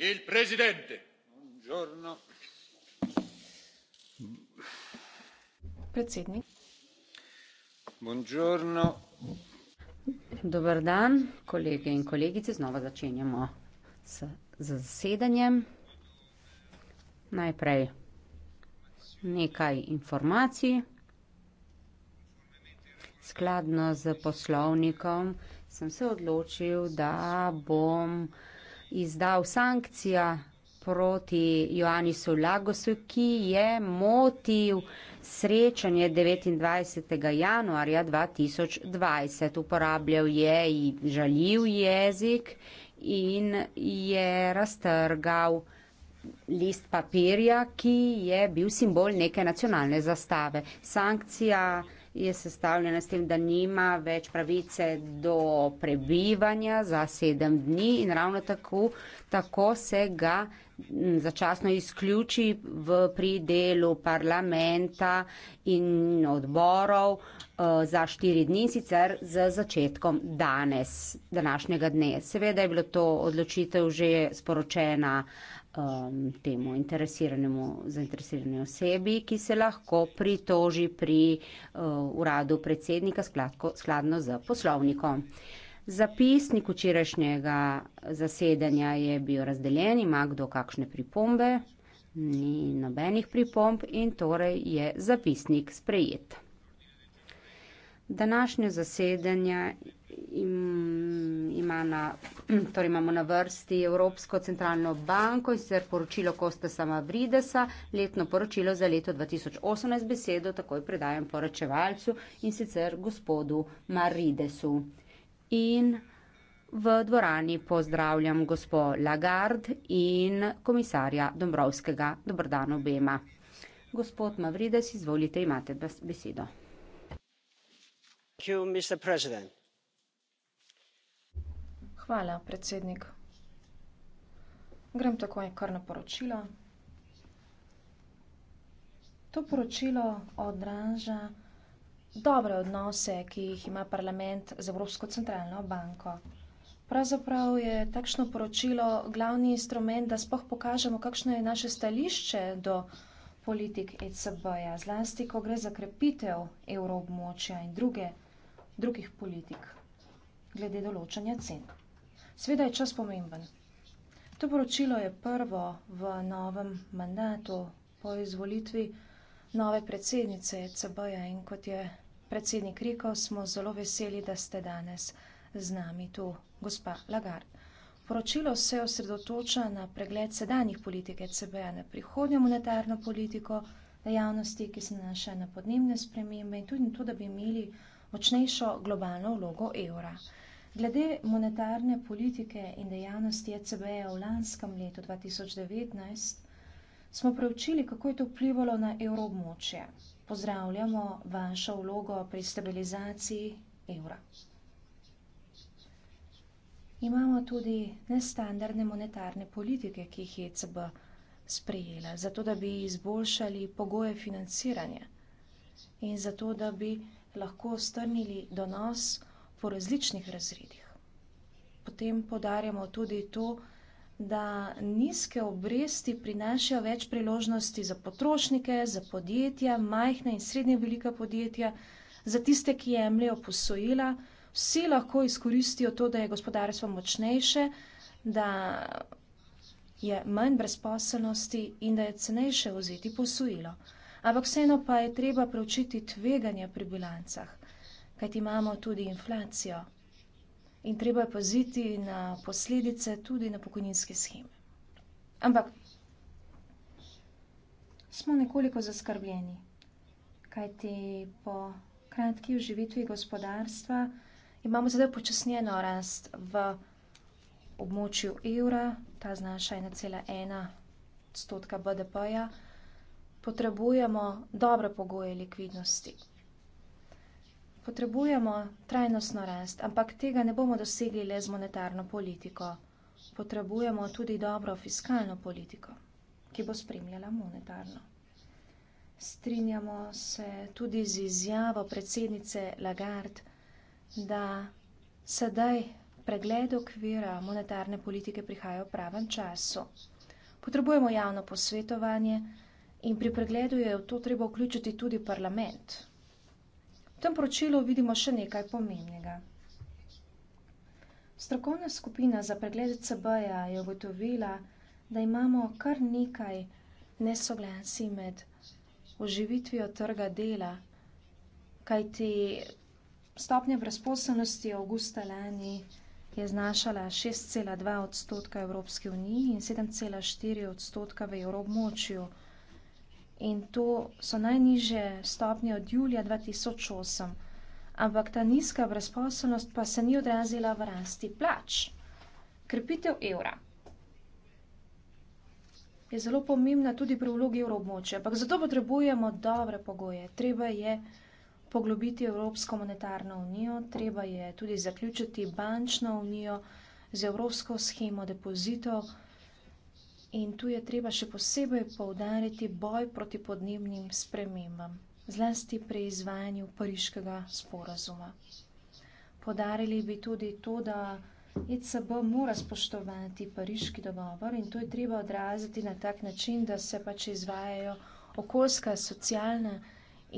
il presidente predsednik dober dan kolegi in kolegice znova začenjamo s z zasedanjem najprej nekaj informacij skladno s poslovnikom sem se odločil da bom izdal sankcija proti Joanisu Lagosu, ki je motiv srečanje 29. januarja 2020. Uporabljal je žaljiv jezik in je raztrgal list papirja, ki je bil simbol neke nacionalne zastave. Sankcija je sestavljena s tem, da nima več pravice do prebivanja za sedem dni in ravno tako, tako se ga začasno izključi v pridelu parlamenta in odborov eh, za štiri dni, sicer z začetkom danes, današnjega dne. Seveda je bilo to odločitev že sporočena um, temu interesiranemu, zainteresirani osebi, ki se lahko pritoži pri uh, uradu predsednika skladko, skladno z poslovnikom. Zapisnik včerajšnjega zasedanja je bil razdeljen, ima kdo kakšne pripombe, ni nobenih pripomb in torej je zapisnik sprejet. Današnje zasedanje ima na, torej imamo na vrsti Evropsko centralno banko in sicer poročilo Kosta Samavridesa, letno poročilo za leto 2018 besedo, takoj predajam poročevalcu in sicer gospodu Maridesu. In v dvorani pozdravljam gospod Lagard in komisarja Dombrovskega. Dobar dan obema. Gospod Mavrides, izvolite, imate besedo. Thank you, Mr. President. Hvala, predsednik. Grem takoj kar na poročilo. To poročilo odraža dobre odnose, ki jih ima parlament z Evropsko centralno banko. Pravzaprav je takšno poročilo glavni instrument, da spoh pokažemo, kakšno je naše stališče do politik ECB-ja, zlasti, ko gre za krepitev evroobmočja in druge, drugih politik glede določanja cen. Sveda je čas pomemben. To poročilo je prvo v novem mandatu po izvolitvi nove predsednice ECB-ja in kot je predsednik rekel, smo zelo veseli, da ste danes z nami tu, gospa Lagar. Poročilo se osredotoča na pregled sedanjih politike ECB-ja, na prihodnjo monetarno politiko, dejavnosti, ki se nanaša na podnebne spremembe in tudi na to, da bi imeli močnejšo globalno vlogo evra. Glede monetarne politike in dejavnosti ECB-ja v lanskem letu 2019 smo preučili, kako je to vplivalo na evroobmočje. Pozdravljamo vašo vlogo pri stabilizaciji evra. Imamo tudi nestandardne monetarne politike, ki jih ECB sprejela, zato da bi izboljšali pogoje financiranja in zato da bi lahko strnili donos vsega, po različnih razredih. Potem podarjamo tudi to, da nizke obresti prinašajo več priložnosti za potrošnike, za podjetja, majhna in srednje velika podjetja, za tiste, ki jemljajo posojila. Vsi lahko izkoristijo to, da je gospodarstvo močnejše, da je manj brezposelnosti in da je cenejše vzeti posojilo. Ampak vseeno pa je treba preučiti tveganja pri bilancah kajti imamo tudi inflacijo in treba je paziti na posledice tudi na pokojninske scheme. Ampak smo nekoliko zaskrbljeni, kajti po kratki uživitvi gospodarstva imamo zdaj počasnjeno rast v območju evra, ta znaša 1,1 odstotka BDP-ja, potrebujemo dobre pogoje likvidnosti. Potrebujemo trajnostno rast, ampak tega ne bomo dosegli le z monetarno politiko. Potrebujemo tudi dobro fiskalno politiko, ki bo spremljala monetarno. Strinjamo se tudi z izjavo predsednice Lagarde, da sedaj pregled okvira monetarne politike prihaja v pravem času. Potrebujemo javno posvetovanje in pri pregledu je v to treba vključiti tudi parlament. V tem poročilu vidimo še nekaj pomembnega. Strokovna skupina za pregled CB-ja je ugotovila, da imamo kar nekaj nesoglasi med oživitvijo trga dela, kajti stopnja brezposelnosti augusta lani je znašala 6,2 odstotka Evropske unije in 7,4 odstotka v Evropmočju in to so najniže stopnje od julija 2008. Ampak ta nizka brezposobnost pa se ni odrazila v rasti plač. Krepitev evra je zelo pomembna tudi pri vlogi evroobmočja, ampak zato potrebujemo dobre pogoje. Treba je poglobiti Evropsko monetarno unijo, treba je tudi zaključiti bančno unijo z evropsko schemo depozitov. In tu je treba še posebej poudariti boj proti podnebnim spremembam, zlasti pri izvajanju pariškega sporazuma. Podarili bi tudi to, da ECB mora spoštovati pariški dogovor in to je treba odraziti na tak način, da se pač izvajajo okoljska, socialna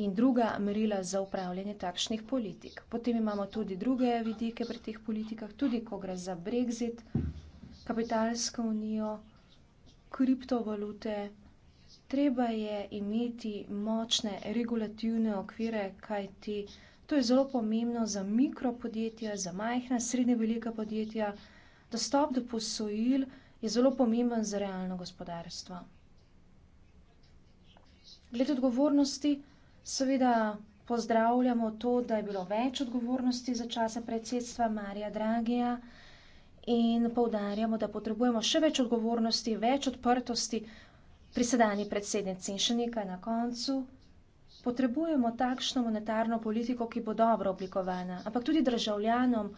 in druga merila za upravljanje takšnih politik. Potem imamo tudi druge vidike pri teh politikah, tudi ko gre za Brexit, kapitalsko unijo, kriptovalute. Treba je imeti močne regulativne okvire, kajti to je zelo pomembno za mikropodjetja, za majhna, srednje velika podjetja. Dostop do posojil je zelo pomemben za realno gospodarstvo. Glede odgovornosti, seveda pozdravljamo to, da je bilo več odgovornosti za časa predsedstva Marija Dragija in poudarjamo, da potrebujemo še več odgovornosti, več odprtosti pri sedanji predsednici. In še nekaj na koncu. Potrebujemo takšno monetarno politiko, ki bo dobro oblikovana, ampak tudi državljanom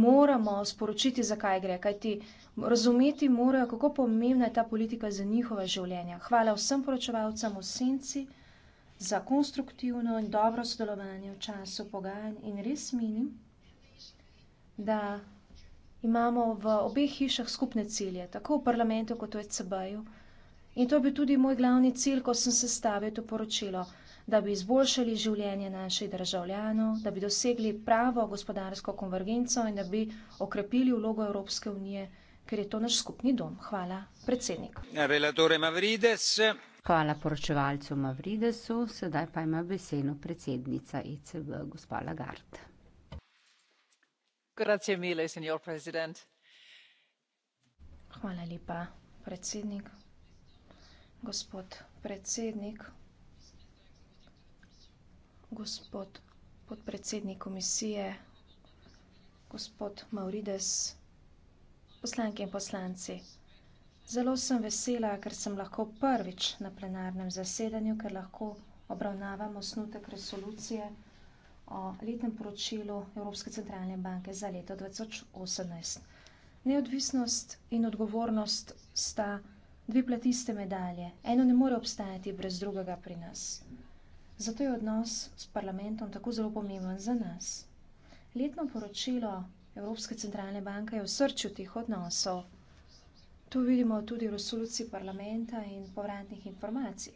moramo sporočiti, zakaj gre, kajti razumeti morajo, kako pomembna je ta politika za njihova življenja. Hvala vsem poročevalcem v senci za konstruktivno in dobro sodelovanje v času pogajanj in res menim, da imamo v obeh hišah skupne cilje, tako v parlamentu kot v ECB-ju. In to je bil tudi moj glavni cilj, ko sem sestavil to poročilo, da bi izboljšali življenje naših državljanov, da bi dosegli pravo gospodarsko konvergenco in da bi okrepili vlogo Evropske unije, ker je to naš skupni dom. Hvala, predsednik. Hvala poročevalcu Mavridesu, sedaj pa ima besedo predsednica ECB, gospa Lagarde. Hvala lepa, predsednik. Gospod predsednik, gospod podpredsednik komisije, gospod Maurides, poslanke in poslanci. Zelo sem vesela, ker sem lahko prvič na plenarnem zasedanju, ker lahko obravnavam osnutek resolucije o letnem poročilu Evropske centralne banke za leto 2018. Neodvisnost in odgovornost sta dve platiste medalje. Eno ne more obstajati brez drugega pri nas. Zato je odnos s parlamentom tako zelo pomemben za nas. Letno poročilo Evropske centralne banke je v srču tih odnosov. To vidimo tudi v resoluciji parlamenta in povratnih informacij.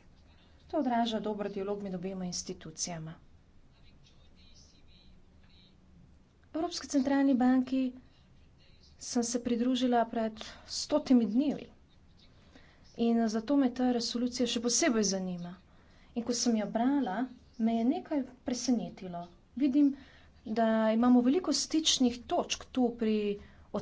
To odraža dober dialog med obema institucijama. Evropski centralni banki sem se pridružila pred stotimi dnevi. In zato me ta resolucija še posebej zanima. In ko sem jo brala, me je nekaj presenetilo. Vidim, da imamo veliko stičnih točk tu pri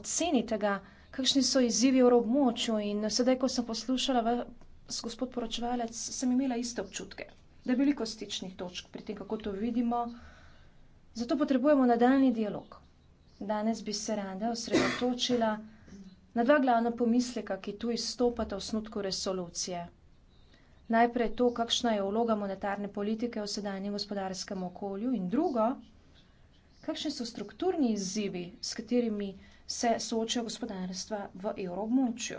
oceni tega, kakšni so izzivi v območju. In sedaj, ko sem poslušala vas, gospod poročevalec, sem imela iste občutke, da je veliko stičnih točk pri tem, kako to vidimo. Zato potrebujemo nadaljni dialog. Danes bi se rada osredotočila na dva glavna pomisleka, ki tu izstopata v snutku resolucije. Najprej to, kakšna je vloga monetarne politike v sedanjem gospodarskem okolju in drugo, kakšni so strukturni izzivi, s katerimi se soočajo gospodarstva v evroobmočju.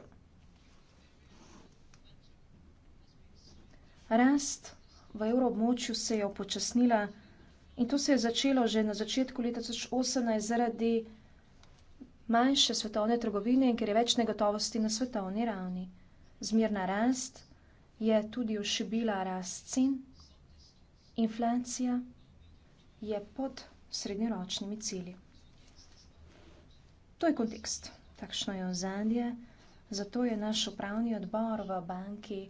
Rast v evroobmočju se je upočasnila In to se je začelo že na začetku leta 2018 zaradi manjše svetovne trgovine in ker je več negotovosti na svetovni ravni. Zmerna rast je tudi ošibila rast cen, inflacija je pod srednjeročnimi cilji. To je kontekst, takšno je ozadje, zato je naš upravni odbor v banki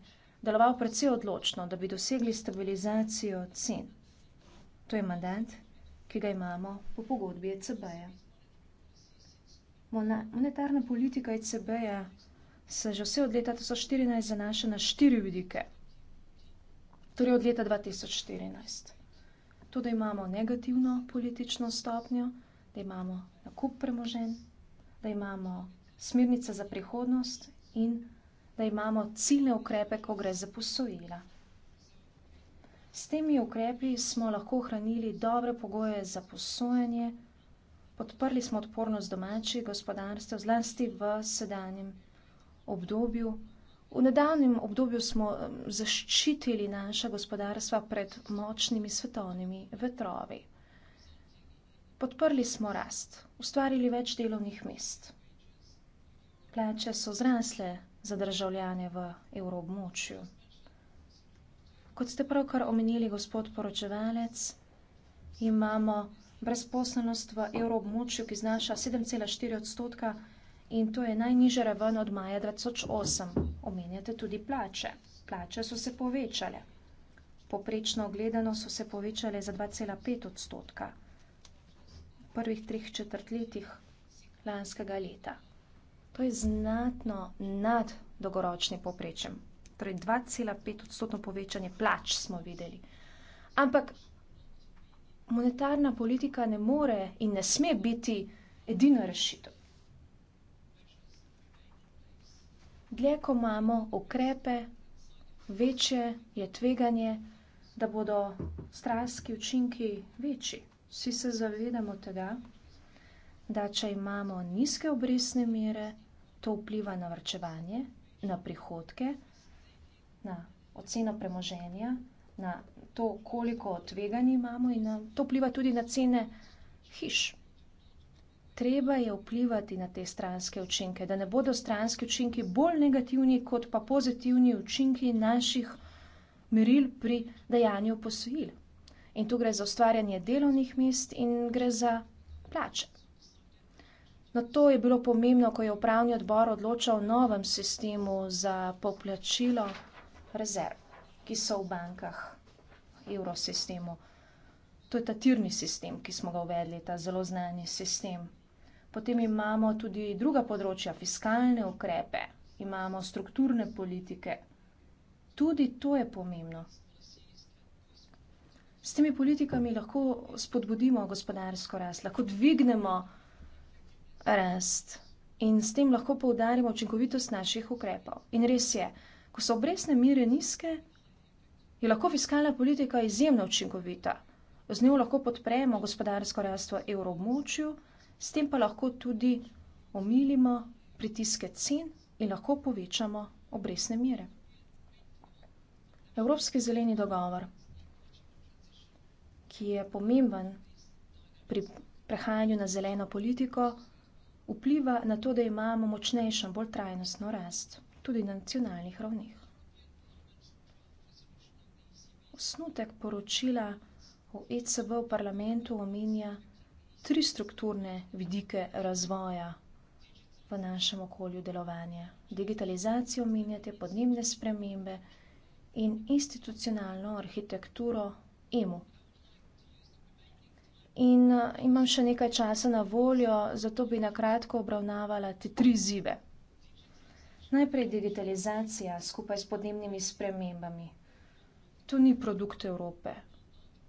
deloval predvsej odločno, da bi dosegli stabilizacijo cen. To je mandant, ki ga imamo po pogodbi ECB-ja. Monetarna politika ECB-ja se že vse od leta 2014 zanaša na štiri vidike. Torej od leta 2014. To, da imamo negativno politično stopnjo, da imamo nakup premožen, da imamo smernice za prihodnost in da imamo ciljne ukrepe, ko gre za posojila. S temi ukrepi smo lahko ohranili dobre pogoje za posojanje, podprli smo odpornost domačih gospodarstv, zlasti v sedanjem obdobju. V nedavnem obdobju smo zaščitili naša gospodarstva pred močnimi svetovnimi vetrovi. Podprli smo rast, ustvarili več delovnih mest. Plače so zrasle za državljane v evroobmočju. Kot ste pravkar omenili, gospod poročevalec, imamo brezposelnost v evroobmočju, ki znaša 7,4 odstotka in to je najnižja raven od maja 2008. Omenjate tudi plače. Plače so se povečale. Poprečno ogledano so se povečale za 2,5 odstotka v prvih treh četrtletjih lanskega leta. To je znatno nad dogoročnim poprečjem torej 2,5 odstotno povečanje plač smo videli. Ampak monetarna politika ne more in ne sme biti edina rešitev. Dlje, ko imamo ukrepe, večje je tveganje, da bodo stranski učinki večji. Vsi se zavedamo tega, da če imamo nizke obresne mere, to vpliva na vrčevanje, na prihodke, na oceno premoženja, na to, koliko tveganj imamo, in na, to vpliva tudi na cene hiš. Treba je vplivati na te stranske učinke, da ne bodo stranski učinki bolj negativni, kot pa pozitivni učinki naših meril pri dajanju posojil. In tu gre za ustvarjanje delovnih mest in gre za plače. No, to je bilo pomembno, ko je upravni odbor odločal o novem sistemu za poplačilo rezerv, ki so v bankah, v evrosistemu. To je ta tirni sistem, ki smo ga uvedli, ta zelo znani sistem. Potem imamo tudi druga področja, fiskalne ukrepe, imamo strukturne politike. Tudi to je pomembno. S temi politikami lahko spodbudimo gospodarsko rast, lahko dvignemo rast in s tem lahko poudarimo učinkovitost naših ukrepov. In res je, ko so obrestne mire nizke, je lahko fiskalna politika izjemno učinkovita. Z njo lahko podpremo gospodarsko rast v evroobmočju, s tem pa lahko tudi omilimo pritiske cen in lahko povečamo obrestne mire. Evropski zeleni dogovor, ki je pomemben pri prehajanju na zeleno politiko, vpliva na to, da imamo močnejšo, bolj trajnostno rast tudi na nacionalnih ravnih. Osnutek poročila o ECB v parlamentu omenja tri strukturne vidike razvoja v našem okolju delovanja. Digitalizacijo omenjate, podnebne spremembe in institucionalno arhitekturo EMU. In uh, imam še nekaj časa na voljo, zato bi nakratko obravnavala te tri zive. Najprej digitalizacija skupaj s podnebnimi spremembami. To ni produkt Evrope.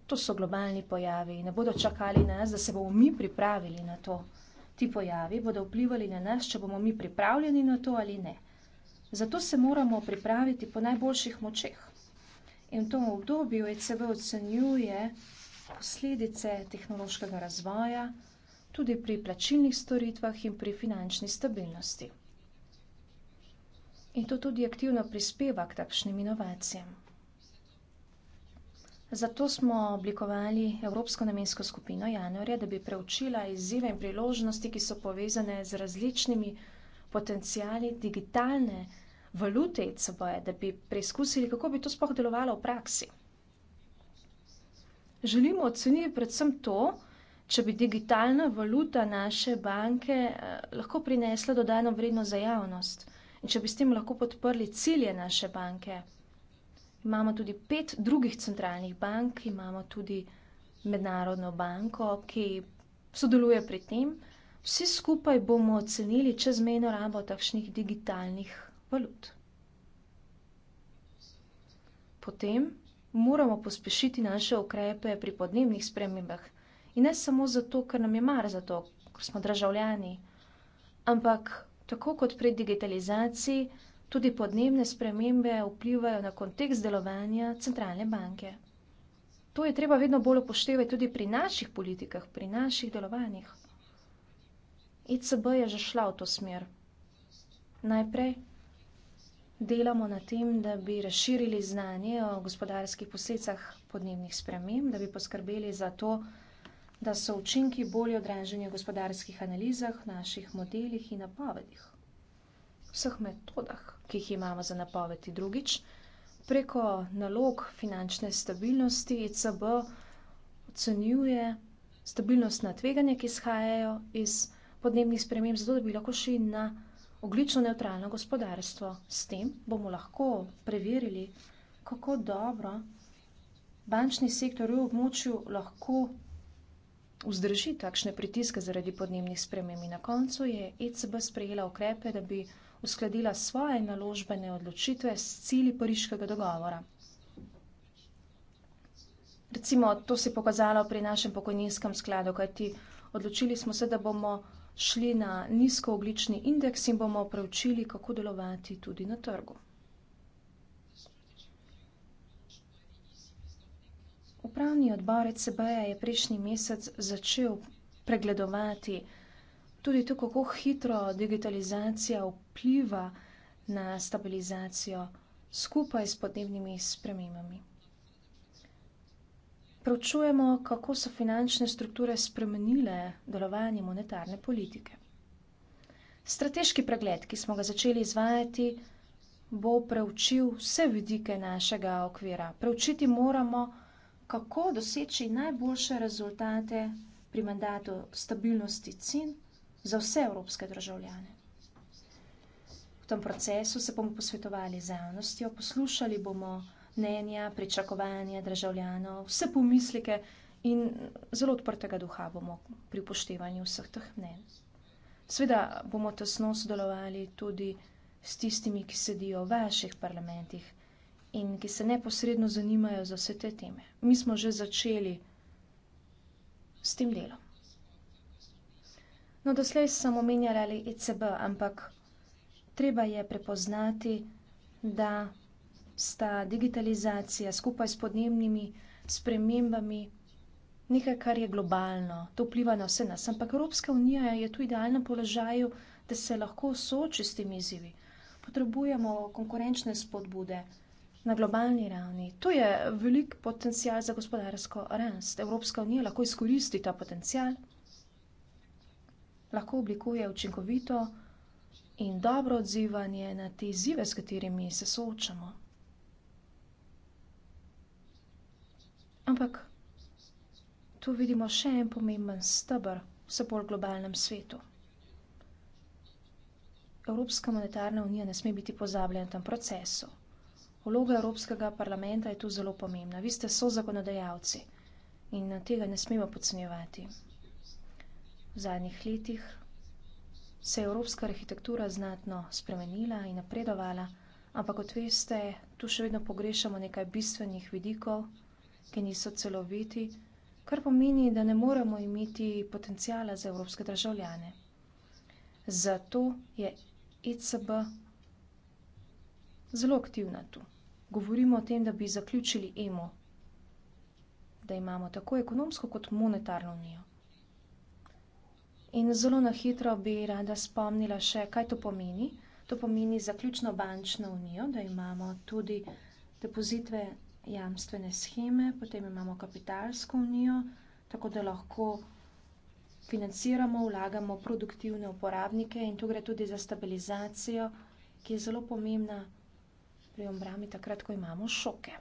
To so globalni pojavi in ne bodo čakali nas, da se bomo mi pripravili na to. Ti pojavi bodo vplivali na nas, če bomo mi pripravljeni na to ali ne. Zato se moramo pripraviti po najboljših močeh. In v tom obdobju ECB ocenjuje posledice tehnološkega razvoja tudi pri plačilnih storitvah in pri finančni stabilnosti in to tudi aktivno prispeva k takšnim inovacijam. Zato smo oblikovali Evropsko namensko skupino januarja, da bi preučila izzive in priložnosti, ki so povezane z različnimi potencijali digitalne valute ECB, da bi preizkusili, kako bi to sploh delovalo v praksi. Želimo oceniti predvsem to, če bi digitalna valuta naše banke eh, lahko prinesla dodano vrednost za javnost – in če bi s tem lahko podprli cilje naše banke. Imamo tudi pet drugih centralnih bank, imamo tudi mednarodno banko, ki sodeluje pri tem. Vsi skupaj bomo ocenili čezmejno rabo takšnih digitalnih valut. Potem moramo pospešiti naše ukrepe pri podnebnih spremembah. In ne samo zato, ker nam je mar za to, ker smo državljani, ampak tako kot pri digitalizaciji, tudi podnebne spremembe vplivajo na kontekst delovanja centralne banke. To je treba vedno bolj upoštevati tudi pri naših politikah, pri naših delovanjih. ECB je že šla v to smer. Najprej delamo na tem, da bi razširili znanje o gospodarskih posledicah podnebnih sprememb, da bi poskrbeli za to, da bi poskrbeli za to, da so učinki bolje odraženi v gospodarskih analizah, naših modelih in napovedih. Vseh metodah, ki jih imamo za napovedi drugič, preko nalog finančne stabilnosti ECB ocenjuje stabilnostna tveganja, ki izhajajo iz podnebnih sprememb, zato da bi lahko šli na oglično neutralno gospodarstvo. S tem bomo lahko preverili, kako dobro bančni sektor v območju lahko vzdrži takšne pritiske zaradi podnebnih sprememb. Na koncu je ECB sprejela ukrepe, da bi uskladila svoje naložbene odločitve s cili pariškega dogovora. Recimo, to se je pokazalo pri našem pokojninskem skladu, kajti odločili smo se, da bomo šli na nizkooglični indeks in bomo preučili, kako delovati tudi na trgu. Upravni odbor ECB-ja je prejšnji mesec začel pregledovati tudi to, kako hitro digitalizacija vpliva na stabilizacijo skupaj s podnebnimi spremembami. Pravčujemo, kako so finančne strukture spremenile delovanje monetarne politike. Strateški pregled, ki smo ga začeli izvajati, bo preučil vse vidike našega okvira. Preučiti moramo vse, kako doseči najboljše rezultate pri mandatu stabilnosti cen za vse evropske državljane. V tem procesu se bomo posvetovali z javnostjo, poslušali bomo mnenja, pričakovanja državljanov, vse pomislike in zelo odprtega duha bomo pri upoštevanju vseh teh mnen. Sveda bomo tesno sodelovali tudi s tistimi, ki sedijo v vaših parlamentih, in ki se neposredno zanimajo za vse te teme. Mi smo že začeli s tem delom. No, doslej sem omenjala le ECB, ampak treba je prepoznati, da sta digitalizacija skupaj s podnebnimi spremembami nekaj, kar je globalno, to vpliva na vse nas. Ampak Evropska unija je tu idealno položaju, da se lahko sooči s temi izzivi. Potrebujemo konkurenčne spodbude na globalni ravni. To je velik potencial za gospodarsko rast. Evropska unija lahko izkoristi ta potencial, lahko oblikuje učinkovito in dobro odzivanje na te izzive, s katerimi se soočamo. Ampak tu vidimo še en pomemben stebr v vse bolj globalnem svetu. Evropska monetarna unija ne sme biti pozabljena na tem procesu. Vloga Evropskega parlamenta je tu zelo pomembna. Vi ste so zakonodajalci in tega ne smemo podcenjevati. V zadnjih letih se je evropska arhitektura znatno spremenila in napredovala, ampak kot veste, tu še vedno pogrešamo nekaj bistvenih vidikov, ki niso celoviti, kar pomeni, da ne moremo imeti potencijala za evropske državljane. Zato je ECB zelo aktivna tu govorimo o tem, da bi zaključili emo, da imamo tako ekonomsko kot monetarno unijo. In zelo na hitro bi rada spomnila še, kaj to pomeni. To pomeni zaključno bančno unijo, da imamo tudi depozitve jamstvene scheme, potem imamo kapitalsko unijo, tako da lahko financiramo, vlagamo produktivne uporabnike in tu gre tudi za stabilizacijo, ki je zelo pomembna priombrami takrat, ko imamo šoke.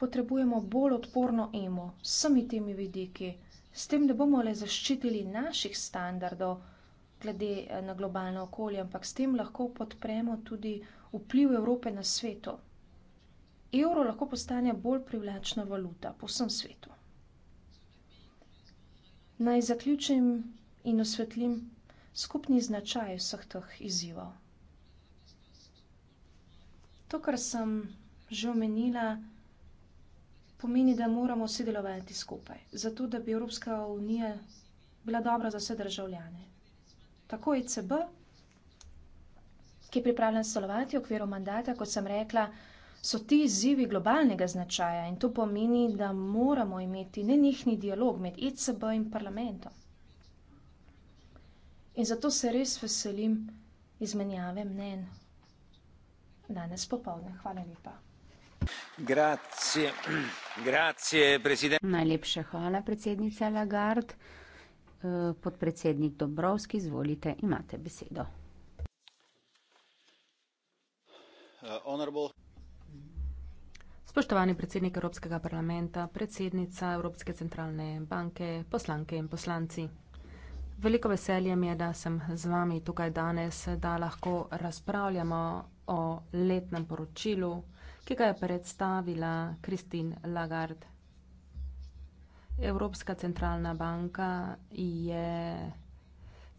Potrebujemo bolj odporno emo s vsemi temi vidiki, s tem, da bomo le zaščitili naših standardov glede eh, na globalno okolje, ampak s tem lahko podpremo tudi vpliv Evrope na svetu. Evro lahko postane bolj privlačna valuta po vsem svetu. Naj zaključim in osvetlim skupni značaj vseh teh izzivov. To, kar sem že omenila, pomeni, da moramo vsi delovati skupaj, zato da bi Evropska unija bila dobra za vse državljane. Tako je CB, ki je pripravljen sodelovati v okviru mandata, kot sem rekla, so ti izzivi globalnega značaja in to pomeni, da moramo imeti nenihni dialog med ECB in parlamentom. In zato se res veselim izmenjave mnen danes popovdne. Hvala lepa. Grazie. Grazie, predsednik. Najlepše hvala, predsednica Lagarde. Eh, podpredsednik Dobrovski, izvolite, imate besedo. Eh, Spoštovani predsednik Evropskega parlamenta, predsednica Evropske centralne banke, poslanke in poslanci. Veliko veselje mi je, da sem z vami tukaj danes, da lahko razpravljamo o letnem poročilu, ki ga je predstavila Kristin Lagarde. Evropska centralna banka je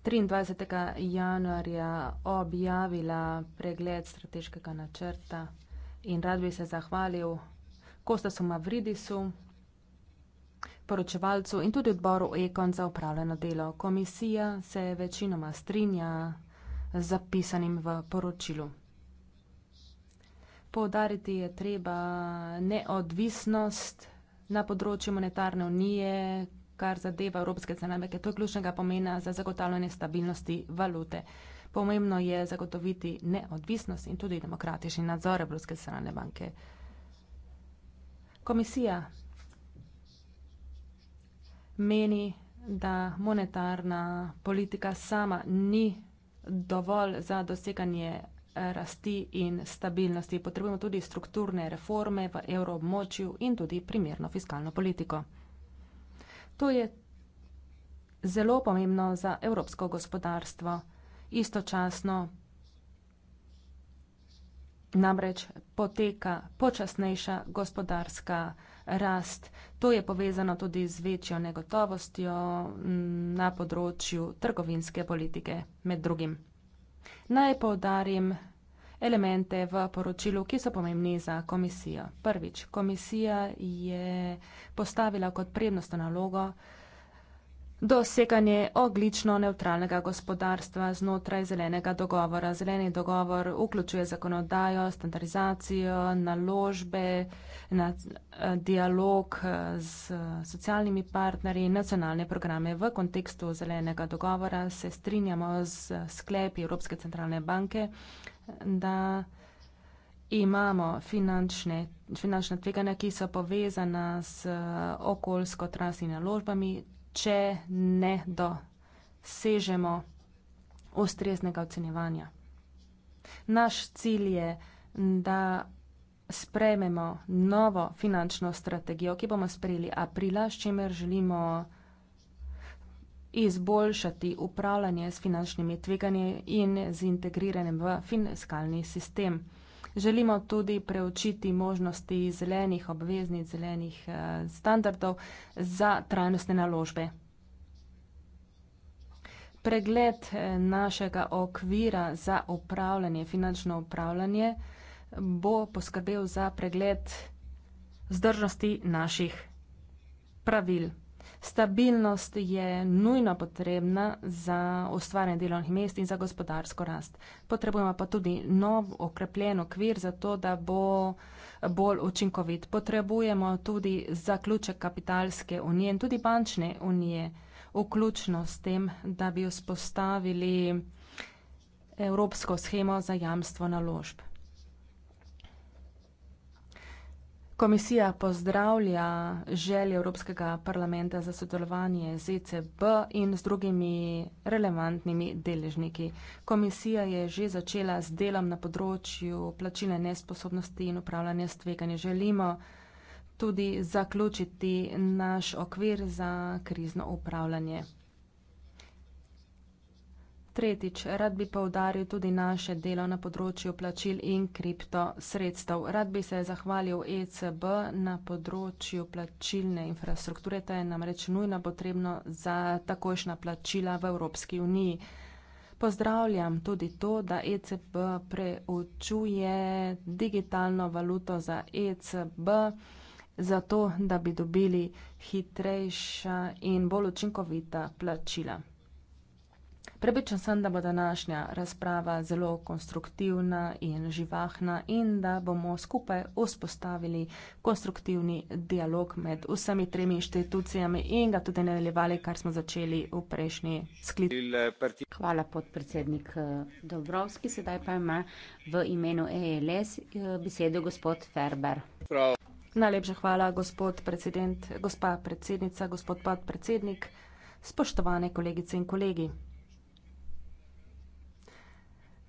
23. januarja objavila pregled strateškega načrta in rad bi se zahvalil Kostasu Mavridisu, poročevalcu in tudi odboru Ekon za upravljeno delo. Komisija se večinoma strinja z zapisanim v poročilu. Poudariti je treba neodvisnost na področju monetarne unije, kar zadeva evropske cenameke. To je ključnega pomena za zagotavljanje stabilnosti valute. Pomembno je zagotoviti neodvisnost in tudi demokratični nadzor Evropske centralne banke. Komisija meni, da monetarna politika sama ni dovolj za doseganje rasti in stabilnosti. Potrebujemo tudi strukturne reforme v evroobmočju in tudi primerno fiskalno politiko. To je zelo pomembno za evropsko gospodarstvo. Istočasno namreč poteka počasnejša gospodarska rast. To je povezano tudi z večjo negotovostjo mm, na področju trgovinske politike med drugim. Naj povdarim elemente v poročilu, ki so pomembni za komisijo. Prvič, komisija je postavila kot prednostno nalogo, doseganje oglično neutralnega gospodarstva znotraj zelenega dogovora. Zeleni dogovor vključuje zakonodajo, standardizacijo, naložbe, na, eh, dialog eh, z socialnimi partnerji in nacionalne programe. V kontekstu zelenega dogovora se strinjamo z sklepi Evropske centralne banke, da imamo finančne, finančne tveganja, ki so povezana s eh, okoljsko trans in naložbami, če ne dosežemo ustreznega ocenjevanja. Naš cilj je, da sprejmemo novo finančno strategijo, ki bomo sprejeli aprila, s čimer želimo izboljšati upravljanje s finančnimi tveganji in z integriranjem v fiskalni sistem. Želimo tudi preučiti možnosti zelenih obveznic, zelenih eh, standardov za trajnostne naložbe. Pregled eh, našega okvira za upravljanje, finančno upravljanje bo poskrbel za pregled vzdržnosti naših pravil. Stabilnost je nujno potrebna za ustvarjanje delovnih mest in za gospodarsko rast. Potrebujemo pa tudi nov okrepljen okvir za to, da bo bolj učinkovit. Potrebujemo tudi zaključek kapitalske unije in tudi bančne unije, vključno s tem, da bi vzpostavili evropsko schemo za jamstvo naložb. Komisija pozdravlja želje Evropskega parlamenta za sodelovanje z ECB in z drugimi relevantnimi deležniki. Komisija je že začela z delom na področju plačilne nesposobnosti in upravljanja s tveganjem. Želimo tudi zaključiti naš okvir za krizno upravljanje. Tretjič, rad bi povdaril tudi naše delo na področju plačil in kriptosredstev. Rad bi se zahvalil ECB na področju plačilne infrastrukture, ta je namreč nujno potrebno za takošna plačila v Evropski uniji. Pozdravljam tudi to, da ECB preučuje digitalno valuto za ECB, zato da bi dobili hitrejša in bolj učinkovita plačila. Prepričan sem, da bo današnja razprava zelo konstruktivna in živahna in da bomo skupaj vzpostavili konstruktivni dialog med vsemi tremi inštitucijami in ga tudi nadaljevali, kar smo začeli v prejšnji sklic. Hvala podpredsednik eh, Dobrovski, sedaj pa ima v imenu ELS eh, besedo gospod Ferber. Prav. Najlepša hvala, gospod predsednik, gospa predsednica, gospod podpredsednik, spoštovane kolegice in kolegi.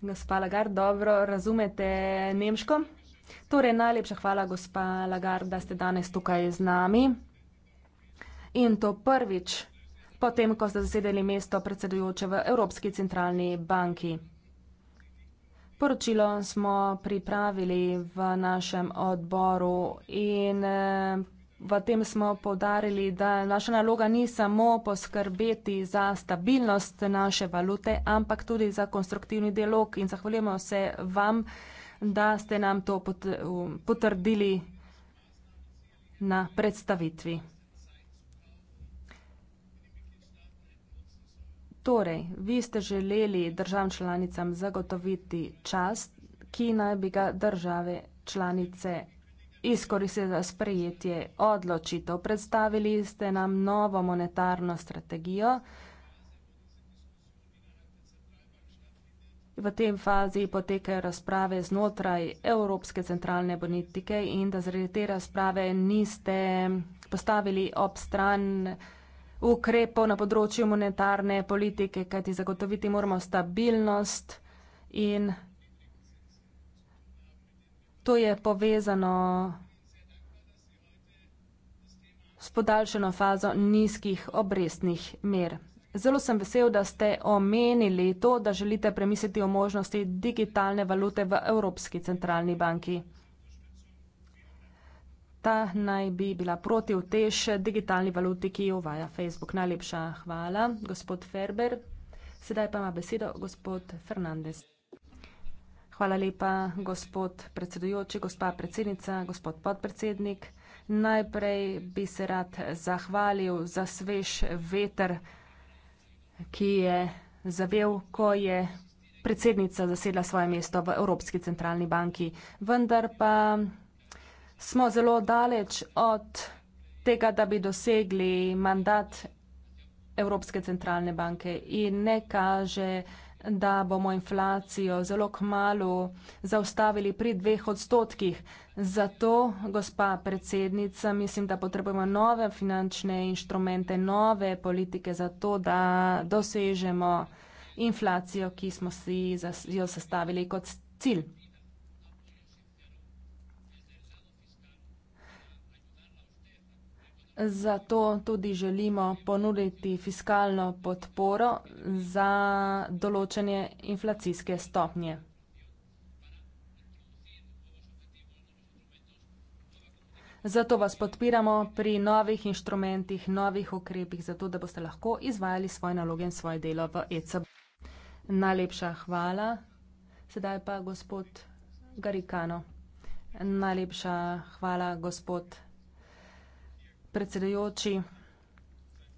Gospa Lagarde, dobro razumete nemško? Torej, najlepša hvala, gospa Lagarde, da ste danes tukaj z nami. In to prvič, potem, ko ste zasedeli mesto predsedujoče v Evropski centralni banki. Poročilo smo pripravili v našem odboru in eh, V tem smo povdarili, da naša naloga ni samo poskrbeti za stabilnost naše valute, ampak tudi za konstruktivni dialog in zahvaljujemo se vam, da ste nam to potrdili na predstavitvi. Torej, vi ste želeli državam članicam zagotoviti čas, ki naj bi ga države članice izkoristili za sprejetje odločitev. Predstavili ste nam novo monetarno strategijo. V tem fazi potekajo razprave znotraj Evropske centralne politike in da zaradi te razprave niste postavili ob stran ukrepov na področju monetarne politike, kajti zagotoviti moramo stabilnost in To je povezano s podaljšano fazo nizkih obrestnih mer. Zelo sem vesel, da ste omenili to, da želite premisliti o možnosti digitalne valute v Evropski centralni banki. Ta naj bi bila proti vtež digitalni valuti, ki jo uvaja Facebook. Najlepša hvala, gospod Ferber. Sedaj pa ima besedo gospod Fernandez. Hvala lepa, gospod predsedujoči, gospa predsednica, gospod podpredsednik. Najprej bi se rad zahvalil za svež veter, ki je zavel, ko je predsednica zasedla svoje mesto v Evropski centralni banki. Vendar pa smo zelo daleč od tega, da bi dosegli mandat Evropske centralne banke in ne kaže, da bomo inflacijo zelo kmalo zaustavili pri dveh odstotkih. Zato, gospa predsednica, mislim, da potrebujemo nove finančne inštrumente, nove politike za to, da dosežemo inflacijo, ki smo si jo zastavili kot cilj. Zato tudi želimo ponuditi fiskalno podporo za določene inflacijske stopnje. Zato vas podpiramo pri novih inštrumentih, novih ukrepih, zato da boste lahko izvajali svoje naloge in svoje delo v ECB. Najlepša hvala. Sedaj pa gospod Garikano. Najlepša hvala, gospod Garikano predsedujoči,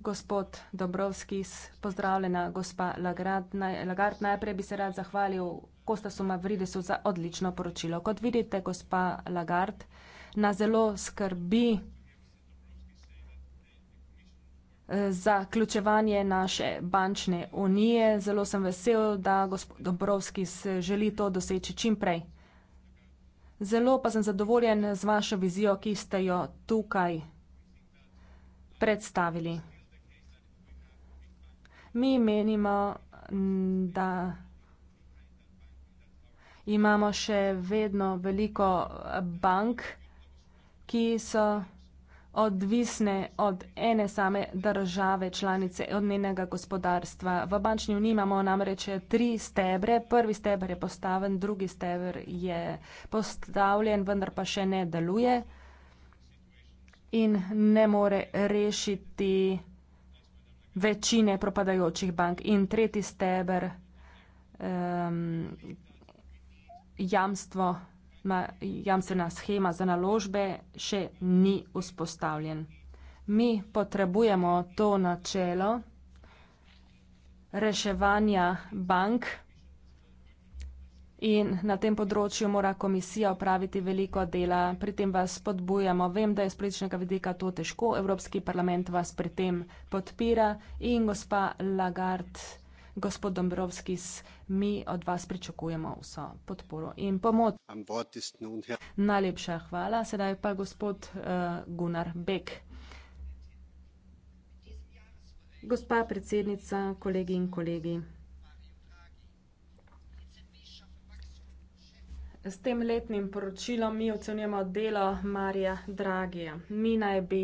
gospod Dobrovskis, pozdravljena gospa Lagard. Najprej bi se rad zahvalil Kostasu Mavridesu za odlično poročilo. Kot vidite, gospa Lagard, na zelo skrbi eh, za ključevanje naše bančne unije. Zelo sem vesel, da gospod Dobrovskis želi to doseči čim prej. Zelo pa sem zadovoljen z vašo vizijo, ki ste jo tukaj predstavili. Mi menimo, da imamo še vedno veliko bank, ki so odvisne od ene same države članice, od njenega gospodarstva. V bančni uniji imamo namreč tri stebre. Prvi steber je postaven, drugi steber je postavljen, vendar pa še ne deluje in ne more rešiti večine propadajočih bank. In tretji steber, um, jamstvo, ma, jamstvena schema za naložbe še ni vzpostavljen. Mi potrebujemo to načelo reševanja bank in na tem področju mora komisija opraviti veliko dela. Pri tem vas spodbujamo. Vem, da je z političnega vidika to težko. Evropski parlament vas pri tem podpira in gospa Lagarde, gospod Dombrovski, mi od vas pričakujemo vso podporo in pomoč. Najlepša hvala. Sedaj pa gospod uh, Gunnar Beck. Gospa predsednica, kolegi in kolegi. S tem letnim poročilom mi ocenjujemo delo Marija Dragija. Mi naj bi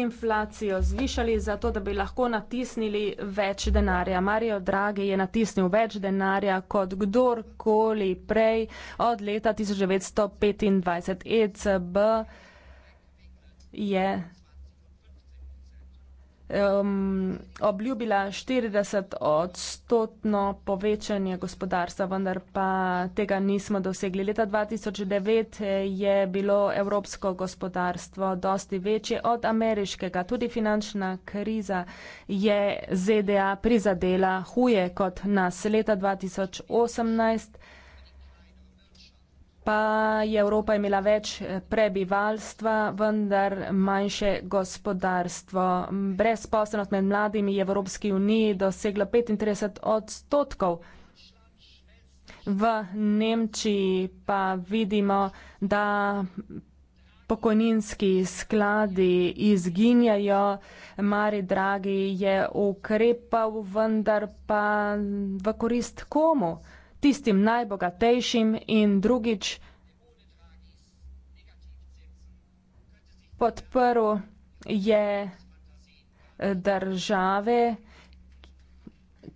inflacijo zvišali zato, da bi lahko natisnili več denarja. Marijo Dragi je natisnil več denarja kot kdorkoli prej od leta 1925. ECB je um, obljubila 40-odstotno povečanje gospodarstva, vendar pa tega nismo dosegli. Leta 2009 eh, je bilo evropsko gospodarstvo dosti večje od ameriškega. Tudi finančna kriza je ZDA prizadela huje kot nas. Leta 2018 pa je Evropa imela več eh, prebivalstva, vendar manjše gospodarstvo. Brezposobnost med mladimi je v Evropski uniji dosegla 35 odstotkov. V Nemčiji pa vidimo, da pokojninski skladi izginjajo. Mari Dragi je ukrepal, vendar pa v korist komu? tistim najbogatejšim in drugič podprl je eh, države,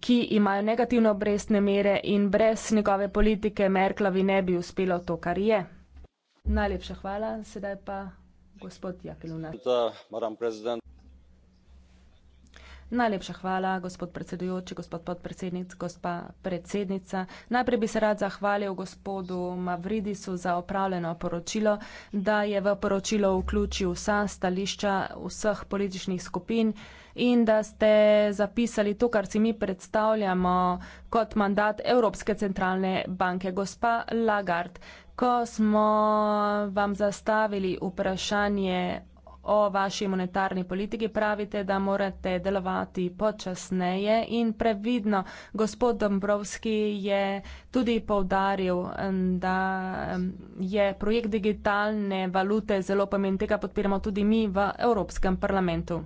ki imajo negativne obrestne mere in brez njegove politike Merklavi ne bi uspelo to, kar je. Najlepša hvala, sedaj pa gospod Jakelunas. Najlepša hvala, gospod predsedujoči, gospod podpredsednic, gospa predsednica. Najprej bi se rad zahvalil gospodu Mavridisu za opravljeno poročilo, da je v poročilo vključil vsa stališča vseh političnih skupin in da ste zapisali to, kar si mi predstavljamo kot mandat Evropske centralne banke. Gospa Lagarde, ko smo vam zastavili vprašanje O vaši monetarni politiki pravite, da morate delovati počasneje in previdno. Gospod Dombrovski je tudi povdaril, da je projekt digitalne valute zelo pomemben. Tega podpiramo tudi mi v Evropskem parlamentu.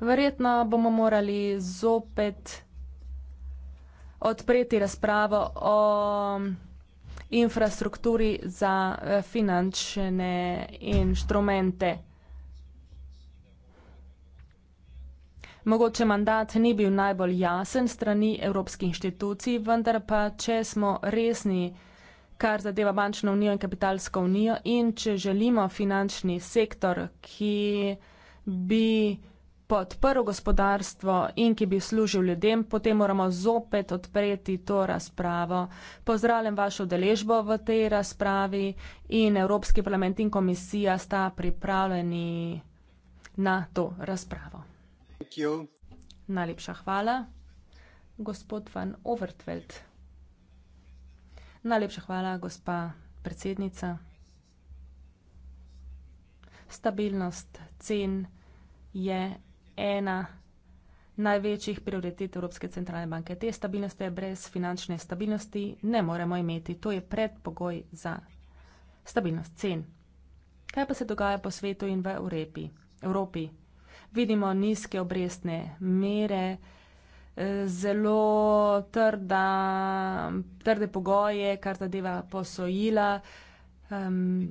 Verjetno bomo morali zopet odpreti razpravo o infrastrukturi za eh, finančne inštrumente. Mogoče mandat ni bil najbolj jasen strani evropskih inštitucij, vendar pa če smo resni, kar zadeva bančno unijo in kapitalsko unijo in če želimo finančni sektor, ki bi podprl gospodarstvo in ki bi služil ljudem, potem moramo zopet odpreti to razpravo. Pozdravljam vašo deležbo v tej razpravi in Evropski parlament in komisija sta pripravljeni na to razpravo. Najlepša hvala. Gospod Van Overtveld. Najlepša hvala, gospa predsednica. Stabilnost cen je ena največjih prioritet Evropske centralne banke. Te stabilnosti je brez finančne stabilnosti ne moremo imeti. To je predpogoj za stabilnost cen. Kaj pa se dogaja po svetu in v Evropi? Evropi. Vidimo nizke obrestne mere, eh, zelo trda, trde pogoje, kar zadeva posojila, um,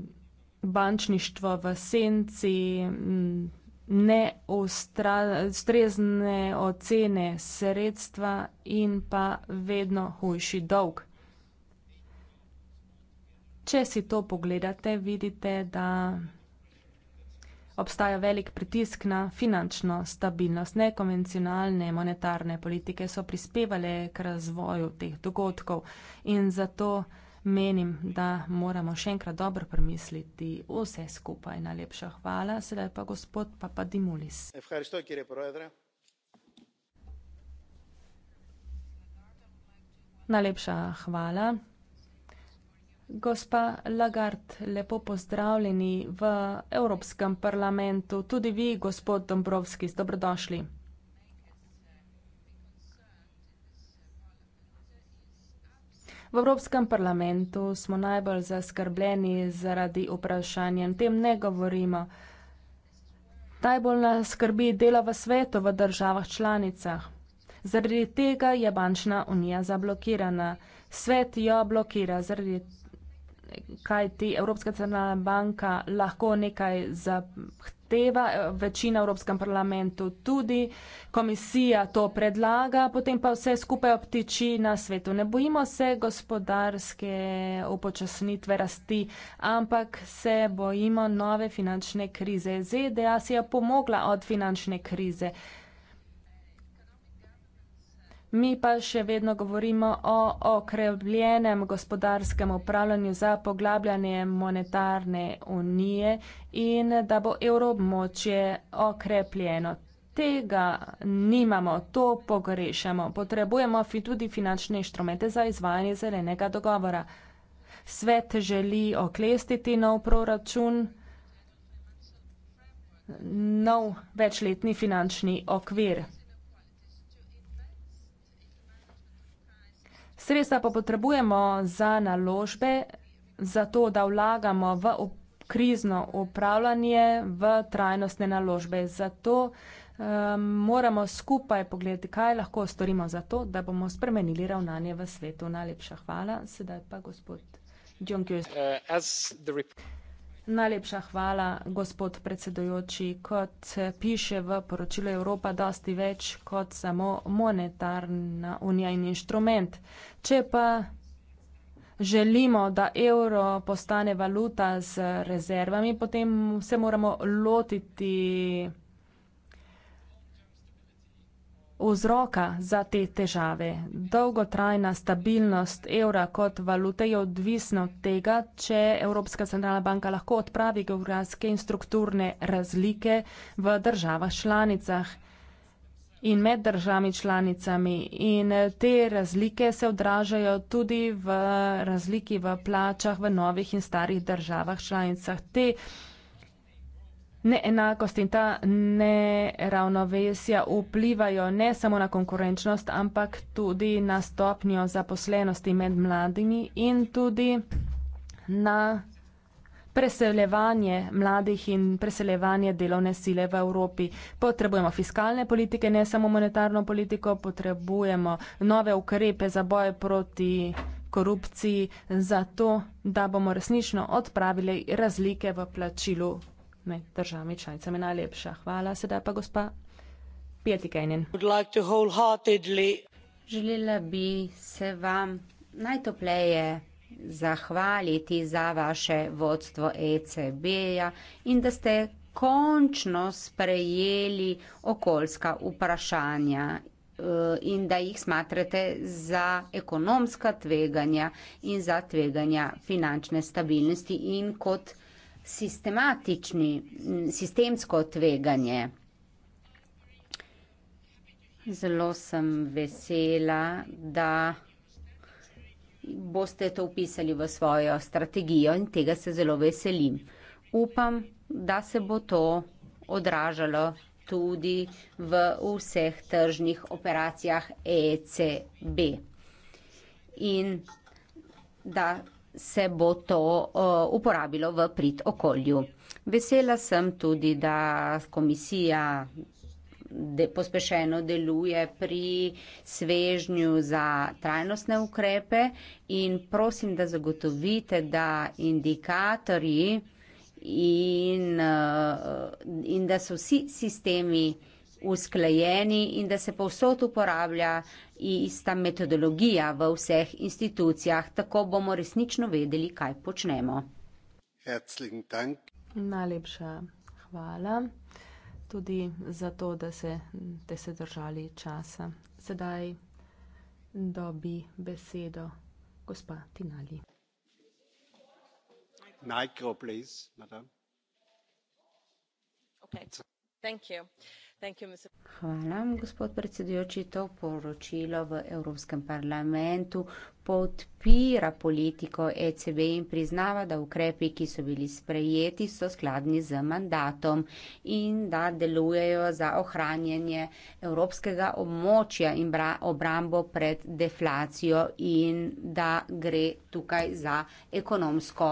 bančništvo v senci. Um, neustrezne ocene sredstva in pa vedno hujši dolg. Če si to pogledate, vidite, da obstaja velik pritisk na finančno stabilnost. Nekonvencionalne monetarne politike so prispevale k razvoju teh dogodkov in zato menim, da moramo še enkrat dobro premisliti vse skupaj. Najlepša hvala, sedaj pa gospod Papa Dimulis. Najlepša hvala. Gospa Lagarde, lepo pozdravljeni v Evropskem parlamentu, tudi vi, gospod Dombrovski, dobrodošli. V Evropskem parlamentu smo najbolj zaskrbljeni zaradi vprašanja, o tem ne govorimo. Najbolj nas skrbi dela v svetu, v državah članicah. Zaradi tega je bančna unija zablokirana. Svet jo blokira, zaradi kaj ti Evropska centralna banka lahko nekaj zahteva zahteva, eh, večina v Evropskem parlamentu tudi, komisija to predlaga, potem pa vse skupaj obtiči na svetu. Ne bojimo se gospodarske upočasnitve rasti, ampak se bojimo nove finančne krize. ZDA e si je pomogla od finančne krize. Mi pa še vedno govorimo o okrepljenem gospodarskem upravljanju za poglabljanje monetarne unije in da bo evroobmočje okrepljeno. Tega nimamo, to pogrešamo. Potrebujemo tudi finančne inštrumente za izvajanje zelenega dogovora. Svet želi oklestiti nov proračun, nov večletni finančni okvir. Sredstva pa potrebujemo za naložbe, za to, da vlagamo v op krizno upravljanje, v trajnostne naložbe. Zato um, moramo skupaj pogledati, kaj lahko storimo za to, da bomo spremenili ravnanje v svetu. Najlepša hvala. Sedaj pa gospod Džonkjus. Uh, Najlepša hvala, gospod predsedujoči. Kot piše v poročilu Evropa, dosti več kot samo monetarna unija in inštrument. Če pa želimo, da evro postane valuta z rezervami, potem se moramo lotiti vzroka za te težave. Dolgotrajna stabilnost evra kot valute je odvisna od tega, če Evropska centralna banka lahko odpravi geografske in strukturne razlike v državah članicah in med državami članicami. In te razlike se odražajo tudi v razliki v plačah v novih in starih državah članicah. Te razlike Neenakost in ta neravnovesja vplivajo ne samo na konkurenčnost, ampak tudi na stopnjo zaposlenosti med mladimi in tudi na preseljevanje mladih in preseljevanje delovne sile v Evropi. Potrebujemo fiskalne politike, ne samo monetarno politiko, potrebujemo nove ukrepe za boj proti korupciji, zato da bomo resnično odpravili razlike v plačilu med državami članicami najlepša. Hvala, sedaj pa gospa Pietikajnen. Like Želela bi se vam najtopleje zahvaliti za vaše vodstvo ECB-ja in da ste končno sprejeli okoljska vprašanja eh, in da jih smatrate za ekonomska tveganja in za tveganja finančne stabilnosti in kot sistematični, sistemsko tveganje. Zelo sem vesela, da boste to upisali v svojo strategijo in tega se zelo veselim. Upam, da se bo to odražalo tudi v vseh tržnih operacijah ECB. In da se bo to uh, uporabilo v prid okolju. Vesela sem tudi, da komisija de, pospešeno deluje pri svežnju za trajnostne ukrepe in prosim, da zagotovite, da indikatorji in, uh, in da so vsi sistemi uh, usklajeni in da se povsod uporablja ista metodologija v vseh institucijah. Tako bomo resnično vedeli, kaj počnemo. Najlepša hvala tudi za to, da se, da se držali časa. Sedaj dobi besedo gospa Tinali. Micro, please, madam. Okay. Thank you. Hvala, gospod predsedujoči. To poročilo v Evropskem parlamentu podpira politiko ECB in priznava, da ukrepi, ki so bili sprejeti, so skladni z mandatom in da delujejo za ohranjanje evropskega območja in obrambo pred deflacijo in da gre tukaj za ekonomsko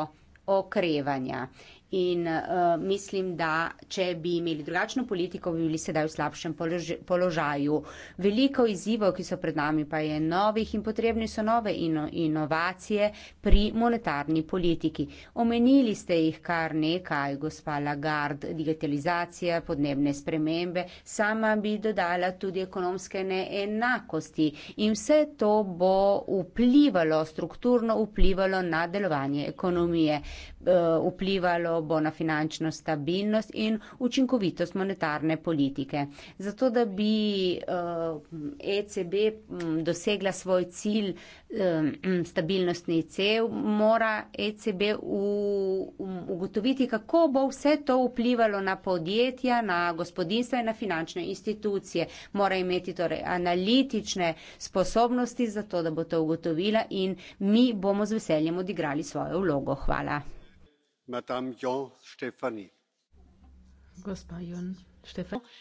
okrevanja. In uh, mislim, da če bi imeli drugačno politiko, bi bili sedaj v slabšem polož položaju. Veliko izzivov, ki so pred nami, pa je novih in potrebni so nove ino inovacije pri monetarni politiki. Omenili ste jih kar nekaj, gospa Lagarde, digitalizacija, podnebne spremembe. Sama bi dodala tudi ekonomske neenakosti. In vse to bo vplivalo, strukturno vplivalo na delovanje ekonomije. Uh, vplivalo obrobo na finančno stabilnost in učinkovitost monetarne politike. Zato, da bi ECB eh, e mm, dosegla svoj cilj eh, mm, stabilnostni cel, mora ECB um, ugotoviti, kako bo vse to vplivalo na podjetja, na gospodinstva in na finančne institucije. Mora imeti torej analitične sposobnosti za to, da bo to ugotovila in mi bomo z veseljem odigrali svojo vlogo. Hvala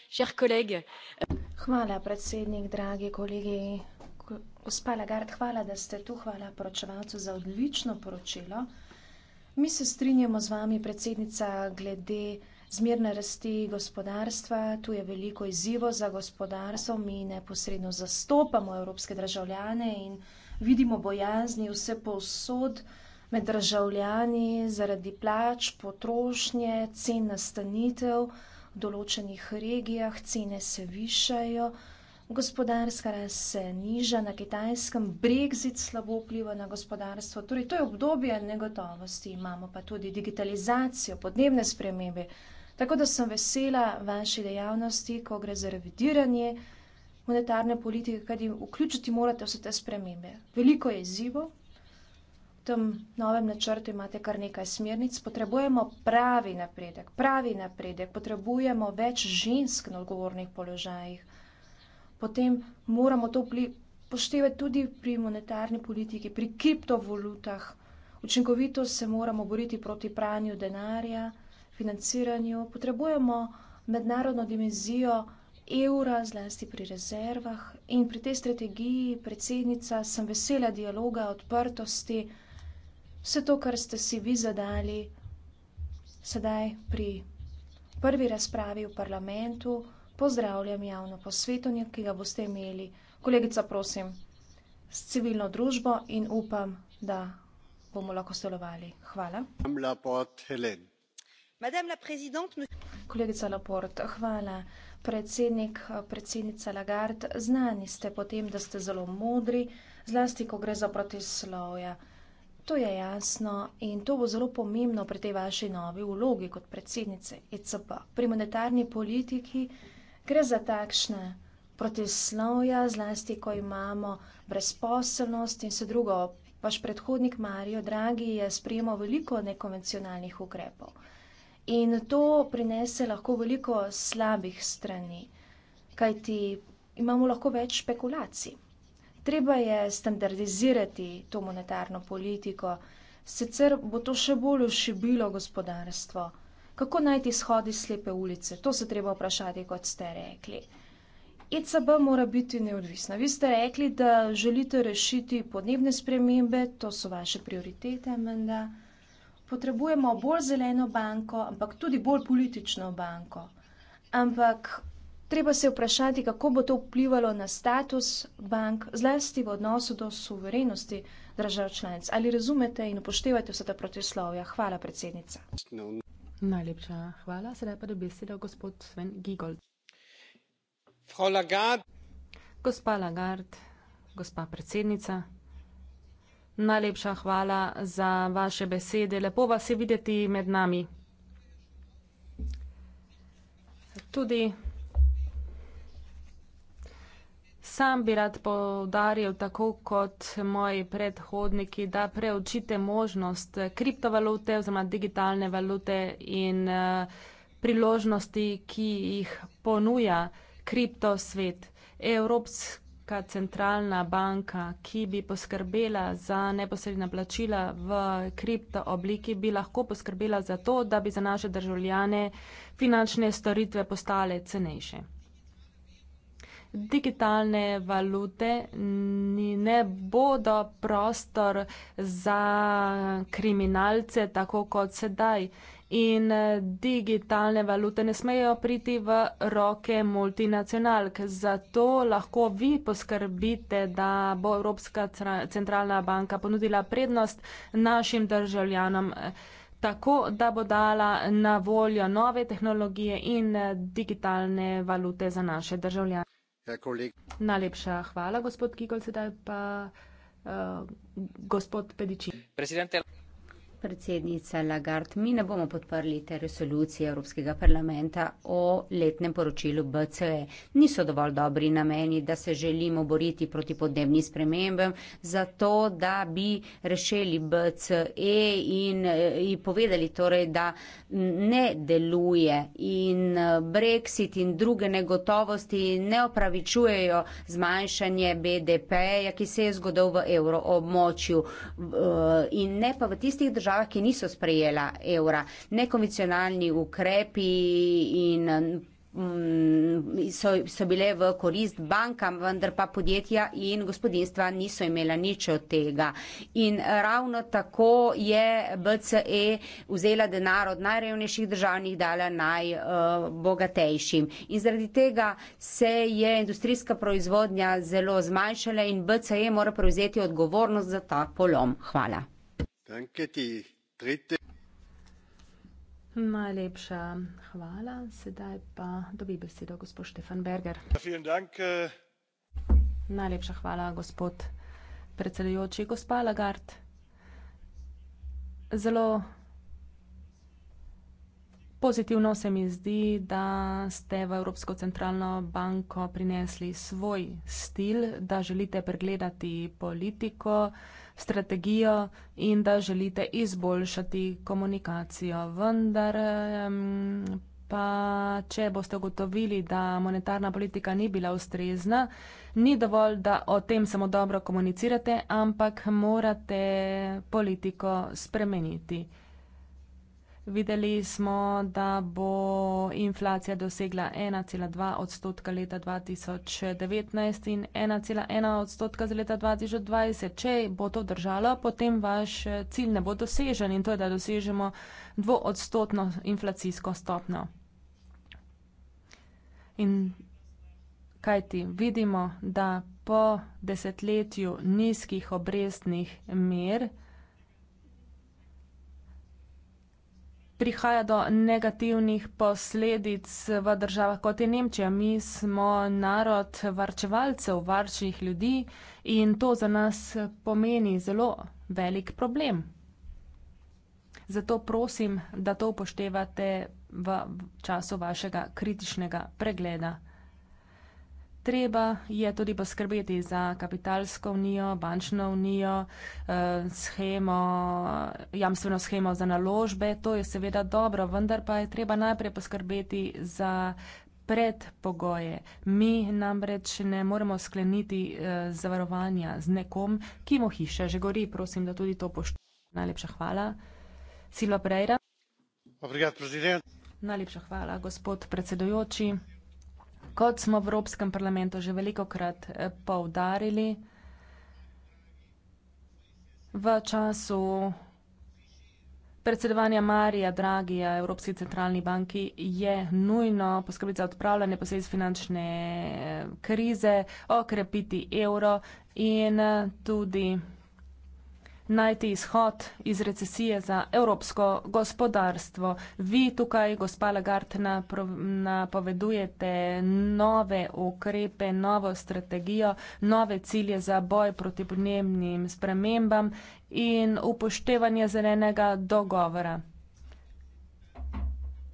cher collègue hvala predsednik dragi kolegi gospa lagarde hvala da ste tu hvala poročevalcu za odlično poročilo mi se strinjamo z vami predsednica glede zmerne rasti gospodarstva tu je veliko izzivo za gospodarstvo mi neposredno zastopamo evropske državljane in vidimo bojazni vse povsod uh, med državljani zaradi plač, potrošnje, cen nastanitev v določenih regijah, cene se višajo, gospodarska rast se niža, na kitajskem brexit slabo vpliva na gospodarstvo. Torej, to je obdobje negotovosti, imamo pa tudi digitalizacijo, podnebne spremembe. Tako da sem vesela vaše dejavnosti, ko gre za revidiranje monetarne politike, kajti vključiti morate vse te spremembe. Veliko je izzivov, tem novem načrtu imate kar nekaj smernic, potrebujemo pravi napredek, pravi napredek, potrebujemo več žensk na odgovornih položajih. Potem moramo to poštevati tudi pri monetarni politiki, pri kriptovalutah. Učinkovito se moramo boriti proti pranju denarja, financiranju. Potrebujemo mednarodno dimenzijo evra, zlasti pri rezervah. In pri tej strategiji, predsednica, sem vesela dialoga, odprtosti vse to, kar ste si vi zadali sedaj pri prvi razpravi v parlamentu, pozdravljam javno posvetovanje, ki ga boste imeli, kolegica, prosim, s civilno družbo in upam, da bomo lahko sodelovali. Hvala. Kolegica Laporte, hvala. Predsednik, predsednica Lagarde, znani ste po tem, da ste zelo modri, zlasti ko gre za protislovja. To je jasno in to bo zelo pomembno pri tej vaši novi vlogi kot predsednice ECB. Pri monetarni politiki gre za takšne protislovja, zlasti ko imamo brezposelnost in se drugo. Vaš predhodnik Mario Draghi je sprejemal veliko nekonvencionalnih ukrepov in to prinese lahko veliko slabih strani, kajti imamo lahko več špekulacij. Treba je standardizirati to monetarno politiko, sicer bo to še bolj ošibilo gospodarstvo. Kako najti izhod iz slepe ulice? To se treba vprašati, kot ste rekli. ECB mora biti neodvisna. Vi ste rekli, da želite rešiti podnebne spremembe, to so vaše prioritete, menda. Potrebujemo bolj zeleno banko, ampak tudi bolj politično banko. Ampak Treba se vprašati, kako bo to vplivalo na status bank, zlasti v odnosu do suverenosti držav članic. Ali razumete in upoštevate vse ta protislovja? Hvala, predsednica. No. Najlepša hvala. Sedaj pa dobi besedo gospod Sven Gigol. Frau Lagarde. Gospa Lagarde, gospa predsednica. Najlepša hvala za vaše besede. Lepo vas je videti med nami. Tudi Sam bi rad povdaril, tako kot moji predhodniki, da preučite možnost kriptovalute oziroma digitalne valute in eh, priložnosti, ki jih ponuja kriptosvet. Evropska centralna banka, ki bi poskrbela za neposredna plačila v kripto obliki, bi lahko poskrbela za to, da bi za naše državljane finančne storitve postale cenejše digitalne valute ne bodo prostor za kriminalce, tako kot sedaj. In eh, digitalne valute ne smejo priti v roke multinacionalk. Zato lahko vi poskrbite, da bo Evropska centralna banka ponudila prednost našim državljanom eh, tako, da bo dala na voljo nove tehnologije in eh, digitalne valute za naše državljane. Ja, Najlepša hvala, gospod Kigol, sedaj pa uh, gospod Pedičin predsednica Lagarde, mi ne bomo podprli te resolucije Evropskega parlamenta o letnem poročilu BCE. Niso dovolj dobri nameni, da se želimo boriti proti podnebnim spremembem, zato da bi rešili BCE in, eh, in povedali torej, da ne deluje in eh, Brexit in druge negotovosti ne opravičujejo zmanjšanje BDP-ja, ki se je zgodil v evroobmočju eh, in ne pa v tistih državah, državah, ki niso sprejela evra. Nekonvencionalni ukrepi in. Mm, so, so bile v korist bankam, vendar pa podjetja in gospodinstva niso imela nič od tega. In ravno tako je BCE vzela denar od najrevnejših državnih dala najbogatejšim. Eh, uh, in zaradi tega se je industrijska proizvodnja zelo zmanjšala in BCE mora prevzeti odgovornost za ta polom. Hvala. Najlepša hvala. Sedaj pa dobi besedo gospod Štefan Berger. Ja, eh. Najlepša hvala, gospod predsedujoči. Gospa Lagarde, zelo pozitivno se mi zdi, da ste v Evropsko centralno banko prinesli svoj stil, da želite pregledati politiko strategijo in da želite izboljšati komunikacijo. Vendar pa, če boste ugotovili, da monetarna politika ni bila ustrezna, ni dovolj, da o tem samo dobro komunicirate, ampak morate politiko spremeniti. Videli smo, da bo inflacija dosegla 1,2 odstotka leta 2019 in 1,1 odstotka za leta 2020. Če bo to držalo, potem vaš cilj ne bo dosežen in to je, da dosežemo dvoodstotno inflacijsko stopno. In kaj ti vidimo, da po desetletju nizkih obrestnih mer, prihaja do negativnih posledic v državah kot je Nemčija. Mi smo narod varčevalcev, varčnih ljudi in to za nas pomeni zelo velik problem. Zato prosim, da to upoštevate v času vašega kritičnega pregleda. Treba je tudi poskrbeti za kapitalsko unijo, bančno unijo, eh, schemo, jamstveno schemo za naložbe. To je seveda dobro, vendar pa je treba najprej poskrbeti za predpogoje. Mi namreč ne moremo skleniti eh, zavarovanja z nekom, ki mu hiša že gori. Prosim, da tudi to poštujete. Najlepša hvala. Silva Pereira. Najlepša hvala, gospod predsedujoči kot smo v Evropskem parlamentu že veliko krat eh, povdarili, v času predsedovanja Marija Dragija Evropski centralni banki je nujno poskrbiti za odpravljanje posledic finančne eh, krize, okrepiti evro in eh, tudi najti izhod iz recesije za evropsko gospodarstvo. Vi tukaj, gospa Lagarde, napovedujete nove ukrepe, novo strategijo, nove cilje za boj proti podnebnim spremembam in upoštevanje zelenega dogovora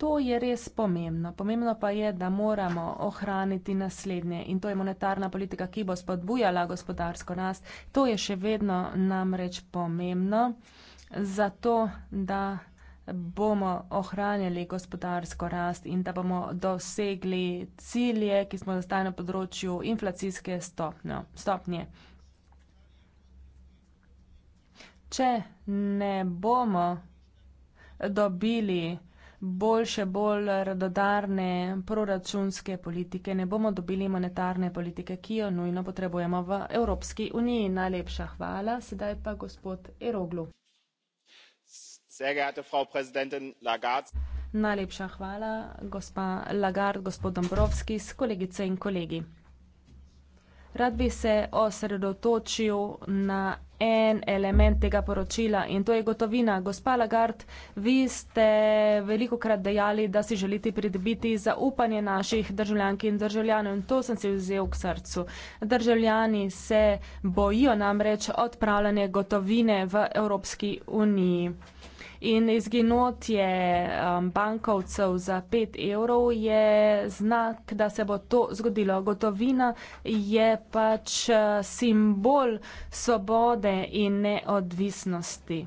to je res pomembno. Pomembno pa je, da moramo ohraniti naslednje in to je monetarna politika, ki bo spodbujala gospodarsko rast. To je še vedno namreč pomembno, zato da bomo ohranjali gospodarsko rast in da bomo dosegli cilje, ki smo zdaj na področju inflacijske stopnjo, stopnje. Če ne bomo dobili bolj še bolj radodarne proračunske politike ne bomo dobili monetarne politike, ki jo nujno potrebujemo v Evropski uniji. Najlepša hvala. Sedaj pa gospod Eroglu. Najlepša hvala, gospa Lagarde, gospod Dombrovski, s kolegice in kolegi rad bi se osredotočil na en element tega poročila in to je gotovina. Gospa Lagard, vi ste veliko krat dejali, da si želite pridobiti zaupanje naših državljank in državljanov in to sem si vzel k srcu. Državljani se bojijo namreč odpravljanje gotovine v Evropski uniji. In izginotje um, bankovcev za 5 evrov je znak, da se bo to zgodilo. Gotovina je pač uh, simbol svobode in neodvisnosti.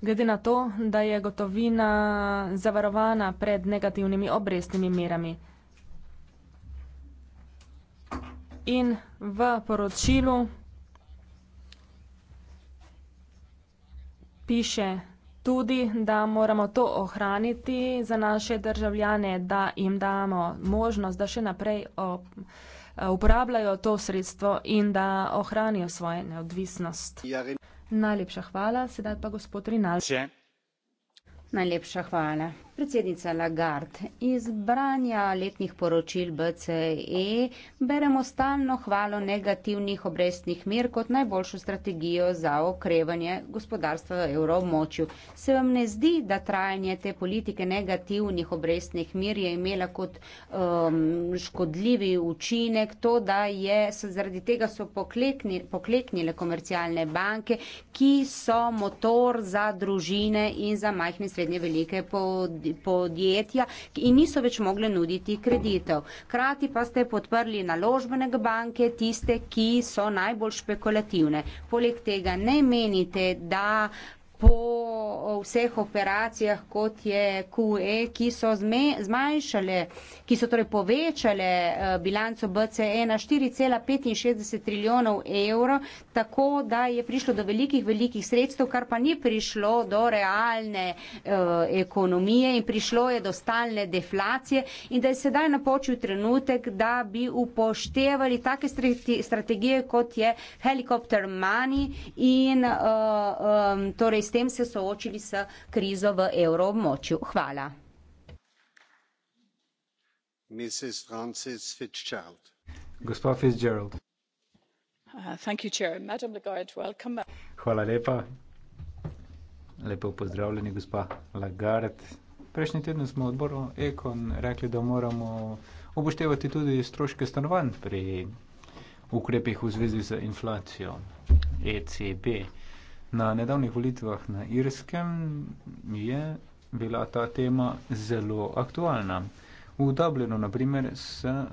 Glede na to, da je gotovina zavarovana pred negativnimi obrestnimi merami. In v poročilu piše tudi, da moramo to ohraniti za naše državljane, da jim damo možnost, da še naprej ob, uporabljajo to sredstvo in da ohranijo svojo neodvisnost. Najlepša hvala, sedaj pa gospod Rinal. Najlepša hvala. Predsednica Lagarde, iz branja letnih poročil BCE beremo stalno hvalo negativnih obrestnih mir kot najboljšo strategijo za okrevanje gospodarstva v evromočju. Se vam ne zdi, da trajanje te politike negativnih obrestnih mir je imela kot um, škodljivi učinek to, da je so, zaradi tega so poklekni, pokleknile komercialne banke, ki so motor za družine in za majhne srednje velike podjetja? podjetja in niso več mogli nuditi kreditev. Krati pa ste podprli naložbene banke, tiste, ki so najbolj špekulativne. Poleg tega ne menite, da po vseh operacijah, kot je QE, ki so zme, zmanjšale, ki so torej povečale uh, bilanco BCE na 4,65 trilijonov evrov, tako da je prišlo do velikih, velikih sredstev, kar pa ni prišlo do realne uh, ekonomije in prišlo je do stalne deflacije in da je sedaj napočil trenutek, da bi upoštevali take strategije, kot je helikopter money in uh, um, torej s tem se soočili s krizo v evroobmočju. Hvala. Gospa Fitzgerald. Uh, Hvala lepa. Lepo pozdravljeni, gospa Lagarde. Prejšnji teden smo odboru Ekon rekli, da moramo upoštevati tudi stroške stanovanj pri ukrepih v zvezi z inflacijo ECB. Na nedavnih volitvah na Irskem je bila ta tema zelo aktualna. V Dublinu, naprimer,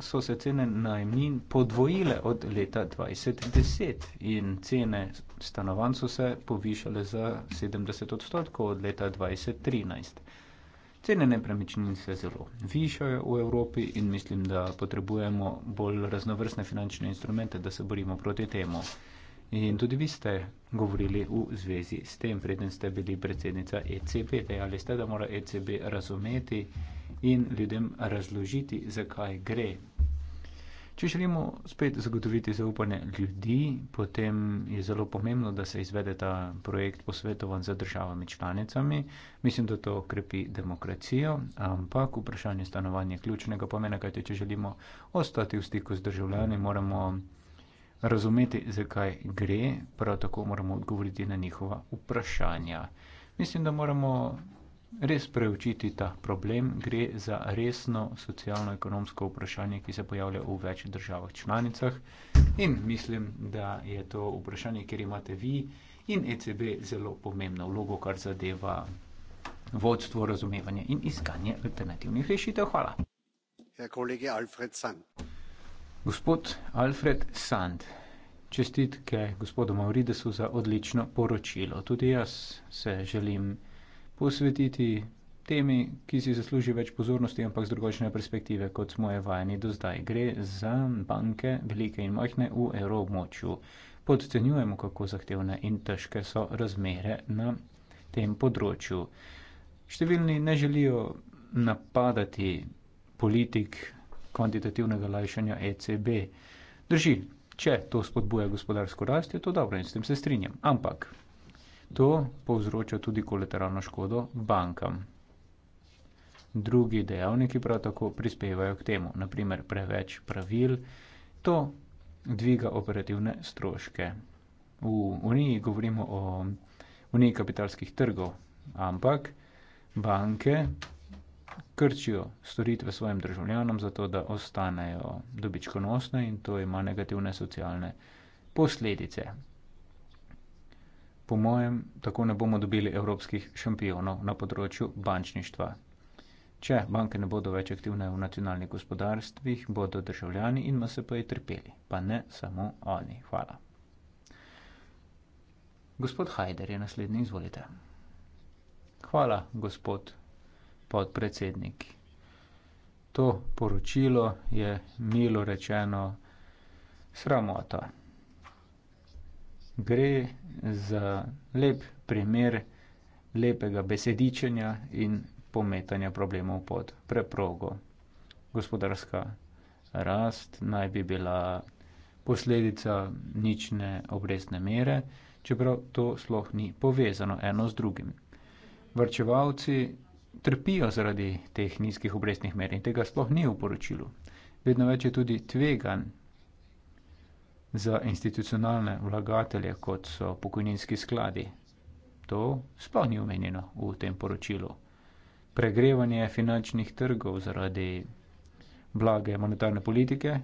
so se cene najmnin podvojile od leta 2010 in cene stanovanj so se povišale za 70 odstotkov od leta 2013. Cene nepremičnin se zelo višajo v Evropi in mislim, da potrebujemo bolj raznovrstne finančne instrumente, da se borimo proti temu. In tudi vi ste govorili v zvezi s tem, preden ste bili predsednica ECB. Dejali ste, da mora ECB razumeti in ljudem razložiti, zakaj gre. Če želimo spet zagotoviti zaupanje ljudi, potem je zelo pomembno, da se izvede ta projekt posvetovan za državami članicami. Mislim, da to krepi demokracijo, ampak vprašanje stanovanja je ključnega pomena, kajte če želimo ostati v stiku z državljani, moramo razumeti, zakaj gre, prav tako moramo odgovoriti na njihova vprašanja. Mislim, da moramo res preučiti ta problem. Gre za resno socialno-ekonomsko vprašanje, ki se pojavlja v več državah članicah. In mislim, da je to vprašanje, kjer imate vi in ECB zelo pomembno vlogo, kar zadeva vodstvo, razumevanje in iskanje alternativnih rešitev. Hvala. Herr Kollege Alfred Sand. Gospod Alfred Sand, čestitke gospodu Mauridesu za odlično poročilo. Tudi jaz se želim posvetiti temi, ki si zasluži več pozornosti, ampak z drugačne perspektive, kot smo je vajeni do zdaj. Gre za banke, velike in majhne, v evroobmočju. Podcenjujemo, kako zahtevne in težke so razmere na tem področju. Številni ne želijo napadati politik kvantitativnega lajšanja ECB. Drži, če to spodbuja gospodarsko rast, je to dobro in s tem se strinjam. Ampak to povzroča tudi kolateralno škodo bankam. Drugi dejavniki prav tako prispevajo k temu, naprimer preveč pravil, to dviga operativne stroške. V Uniji govorimo o Uniji kapitalskih trgov, ampak banke krčijo storitve svojim državljanom, zato da ostanejo dobičkonosne in to ima negativne socialne posledice. Po mojem, tako ne bomo dobili evropskih šampionov na področju bančništva. Če banke ne bodo več aktivne v nacionalnih gospodarstvih, bodo državljani in ma se pa je trpeli, pa ne samo oni. Hvala. Gospod Hajder je naslednji, izvolite. Hvala, gospod podpredsednik. To poročilo je milo rečeno sramota. Gre za lep primer lepega besedičenja in pometanja problemov pod preprogo. Gospodarska rast naj bi bila posledica nične obrestne mere, čeprav to sploh ni povezano eno z drugim. Vrčevalci trpijo zaradi teh nizkih obrestnih mer in tega sploh ni v poročilu. Vedno več je tudi tvegan za institucionalne vlagatelje, kot so pokojninski skladi. To sploh ni omenjeno v tem poročilu. Pregrevanje finančnih trgov zaradi blage monetarne politike,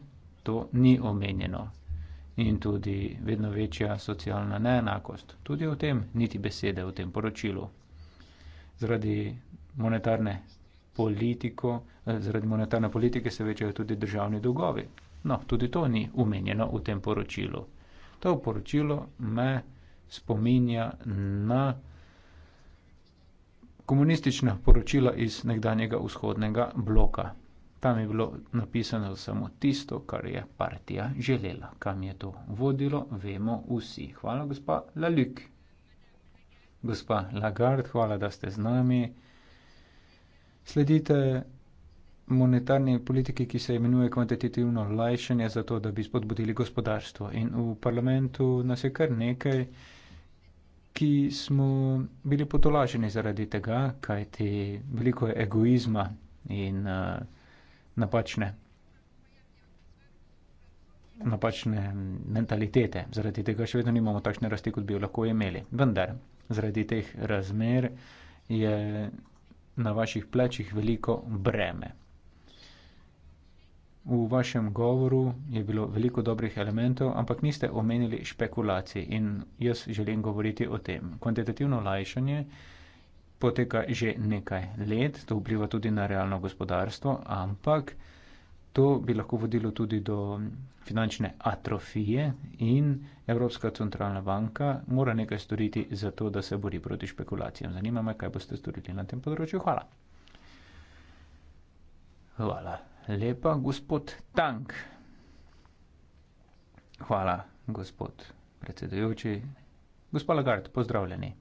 to ni omenjeno. In tudi vedno večja socialna neenakost, tudi o tem niti besede v tem poročilu. Zaradi monetarne politiko, eh, zaradi monetarne politike se večajo tudi državni dolgovi. No, tudi to ni umenjeno v tem poročilu. To poročilo me spominja na komunistična poročila iz nekdanjega vzhodnega bloka. Tam je bilo napisano samo tisto, kar je partija želela. Kam je to vodilo, vemo vsi. Hvala, gospa Laluk. Gospa Lagarde, hvala, da ste z nami sledite monetarni politiki, ki se imenuje kvantitativno lajšanje, zato da bi spodbudili gospodarstvo. In v parlamentu nas je kar nekaj, ki smo bili potolaženi zaradi tega, kajti veliko je egoizma in uh, napačne, napačne mentalitete. Zaradi tega še vedno nimamo takšne rasti, kot bi jo lahko imeli. Vendar, zaradi teh razmer je na vaših plečih veliko breme. V vašem govoru je bilo veliko dobrih elementov, ampak niste omenili špekulacij in jaz želim govoriti o tem. Kvantitativno lajšanje poteka že nekaj let, to vpliva tudi na realno gospodarstvo, ampak To bi lahko vodilo tudi do finančne atrofije in Evropska centralna banka mora nekaj storiti za to, da se bori proti špekulacijam. Zanima me, kaj boste storili na tem področju. Hvala. Hvala. Lepa, gospod Tank. Hvala, gospod predsedujoči. Gospod Lagarde, pozdravljeni.